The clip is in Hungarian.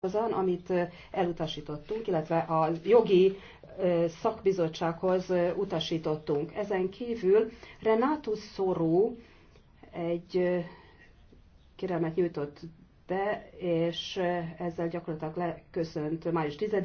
azon, amit elutasítottunk, illetve a jogi szakbizottsághoz utasítottunk. Ezen kívül Renatus Szorú egy kérelmet nyújtott be, és ezzel gyakorlatilag leköszönt május 10